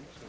tiden.